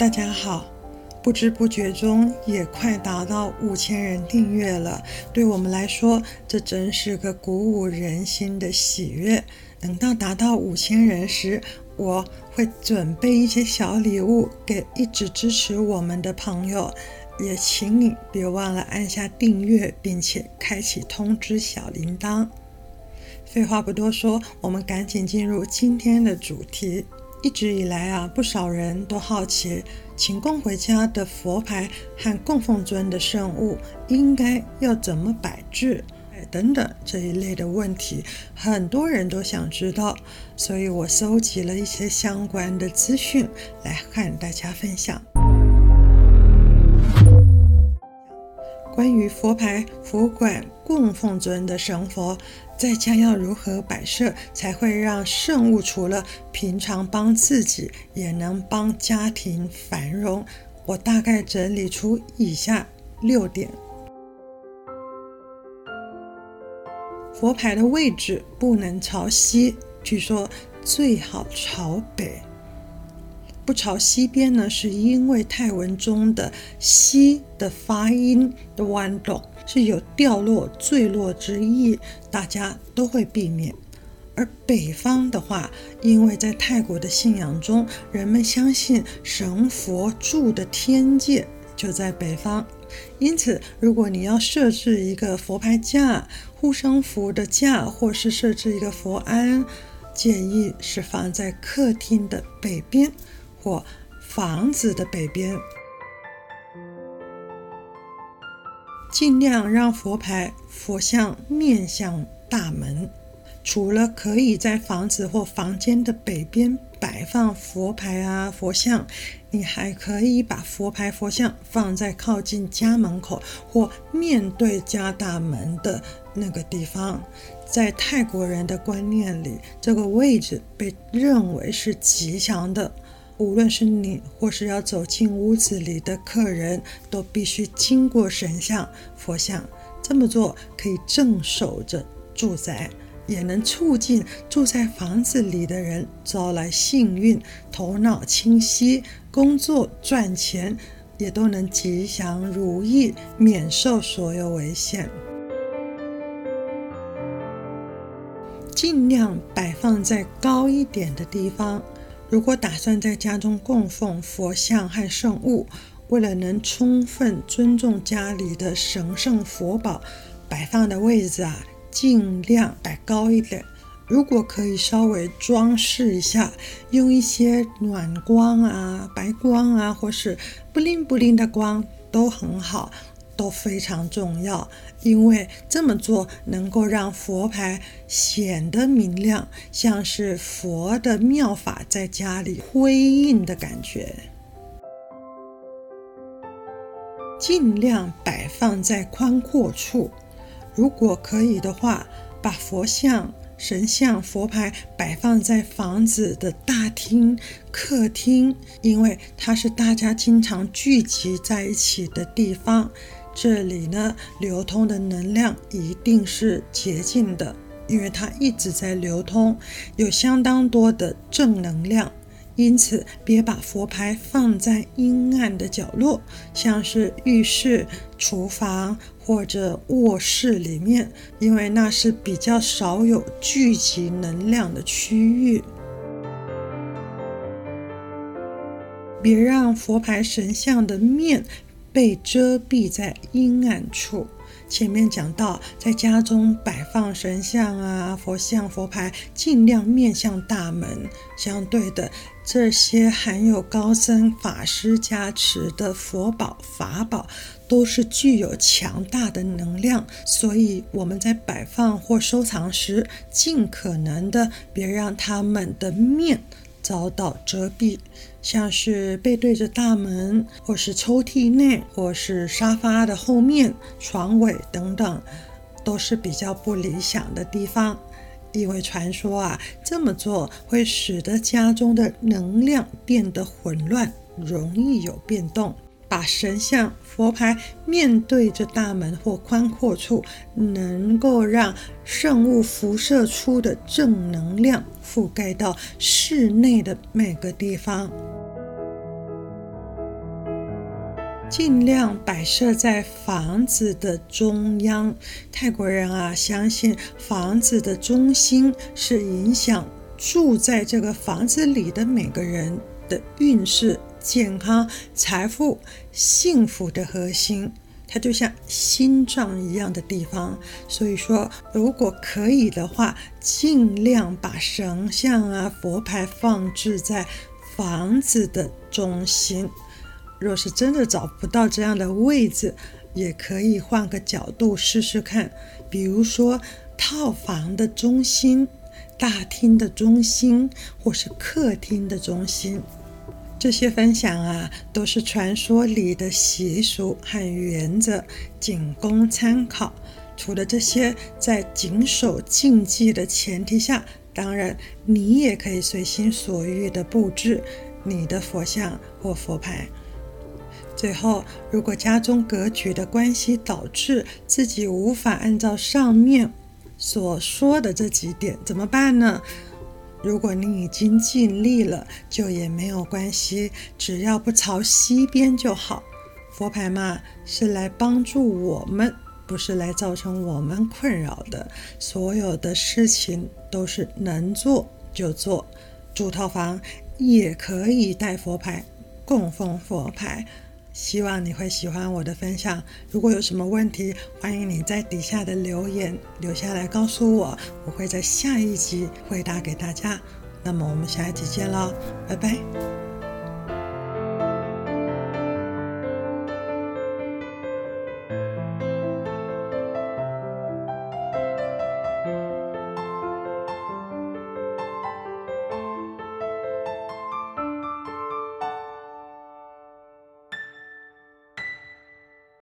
大家好，不知不覺中也快達到五千人訂閱了。對我們來說，這真是個鼓舞人心的喜悅。等到達到五千人時，我會準備一些小禮物給一直支持我們的朋友。也請你別忘了按下訂閱，並且開啟通知小鈴鐺。廢話不多說，我們趕緊進入今天的主題。一直以來啊，不少人都好奇，請供回家的佛牌和供奉尊的聖物應該要怎麼擺置，哎等等，這一類的問題，很多人都想知道，所以我收集了一些相關的資訊來和大家分享。關於佛牌、佛管、供奉尊的神佛，在家要如何擺設才會讓聖物除了平常幫自己，也能幫家庭繁榮？我大概整理出以下六點：佛牌的位置不能朝西，據說最好朝北。不朝西邊呢，是因為泰文中的“西”的發音的豌豆是有掉落、墜落之意，大家都會避免。而北方的話，因為在泰國的信仰中，人們相信神佛住的天界就在北方，因此，如果你要設置一個佛牌架、護身符的架，或是設置一個佛龕，建議是放在客廳的北邊。或房子的北邊，儘量讓佛牌、佛像面向大門。除了可以在房子或房間的北邊擺放佛牌啊、佛像，你還可以把佛牌、佛像放在靠近家門口或面對家大門的那個地方。在泰國人的觀念裡，這個位置被認為是吉祥的。無論是你，或是要走進屋子裡的客人，都必須經過神像、佛像。這麼做可以鎮守着住宅，也能促進住在房子裡的人招來幸運、頭腦清晰、工作賺錢，也都能吉祥如意，免受所有危險。盡量擺放在高一點的地方。如果打算在家中供奉佛像和聖物，為了能充分尊重家裡的神聖佛寶，擺放的位置啊，盡量擺高一點。如果可以稍微裝飾一下，用一些暖光啊、白光啊，或是布靈布靈的光都很好。都非常重要，因為這麼做能夠讓佛牌顯得明亮，像是佛的妙法在家裡輝映的感覺。盡量擺放在寬闊處，如果可以的話，把佛像、神像、佛牌擺放在房子的大廳、客廳，因為它是大家經常聚集在一起的地方。這裡呢，流通的能量一定是潔淨的，因為它一直在流通，有相當多的正能量。因此，別把佛牌放在陰暗的角落，像是浴室、廚房或者臥室裡面，因為那是比較少有聚集能量的區域。別讓佛牌神像的面。被遮蔽在陰暗處。前面講到，在家中擺放神像啊、佛像、佛牌，盡量面向大門。相對的，這些含有高僧法師加持的佛寶、法寶，都是具有強大的能量，所以我們在擺放或收藏時，盡可能的別讓它們的面。遭到遮蔽，像是背對着大門，或是抽屜內，或是沙發的後面、床尾等等，都是比較不理想的地方，因為傳說啊，這麼做會使得家中的能量變得混亂，容易有變動。把神像、佛牌面對着大門或寬闊處，能夠讓聖物輻射出的正能量覆蓋到室內的每個地方，盡量擺設在房子的中央。泰國人啊，相信房子的中心是影響住在這個房子裡的每個人的運勢。健康、財富、幸福的核心，它就像心臟一樣的地方。所以說，如果可以的話，盡量把神像啊、佛牌，放置在房子的中心。若是真的找不到這樣的位置，也可以換個角度試試看，比如說套房的中心、大廳的中心，或是客廳的中心。這些分享啊，都是傳說裡的習俗和原則，僅供參考。除了這些，在謹守禁忌的前提下，當然你也可以隨心所欲地布置你的佛像或佛牌。最後，如果家中格局的關係導致自己無法按照上面所說的這幾點，怎麼辦呢？如果你已經盡力了，就也沒有關係，只要不朝西邊就好。佛牌嘛，是來幫助我們，不是來造成我們困擾的。所有的事情都是能做就做，主套房也可以帶佛牌，供奉佛牌。希望你會喜歡我的分享。如果有什麼問題，歡迎你在底下的留言留下來告訴我，我會在下一集回答給大家。那麼我們下一集見嘍，拜拜。